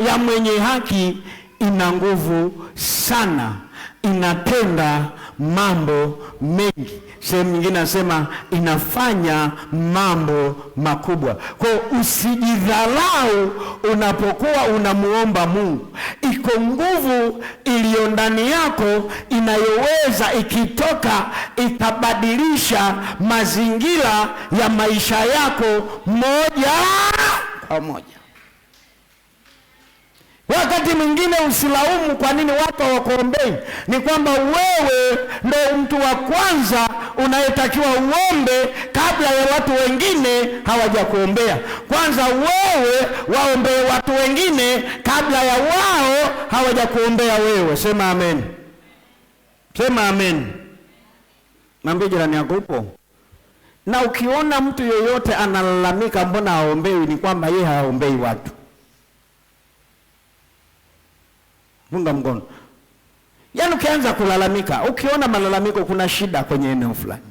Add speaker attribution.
Speaker 1: ya mwenye haki ina nguvu sana, inatenda mambo mengi. Sehemu nyingine anasema inafanya mambo makubwa. Kwa hiyo usijidharau unapokuwa unamuomba Mungu. Iko nguvu iliyo ndani yako inayoweza ikitoka ikabadilisha mazingira ya maisha yako moja kwa moja wakati mwingine usilaumu kwa nini watu hawakuombei. Ni kwamba wewe ndo mtu wa kwanza unayetakiwa uombe kabla ya watu wengine hawajakuombea. Kwanza wewe waombee watu wengine kabla ya wao hawajakuombea wewe. Sema amen, sema amen. Mwambie jirani yako upo na ukiona mtu yoyote analalamika, mbona haombei, ni kwamba yeye haombei watu unga mkono. Yaani ukianza kulalamika, ukiona malalamiko, kuna shida kwenye eneo fulani.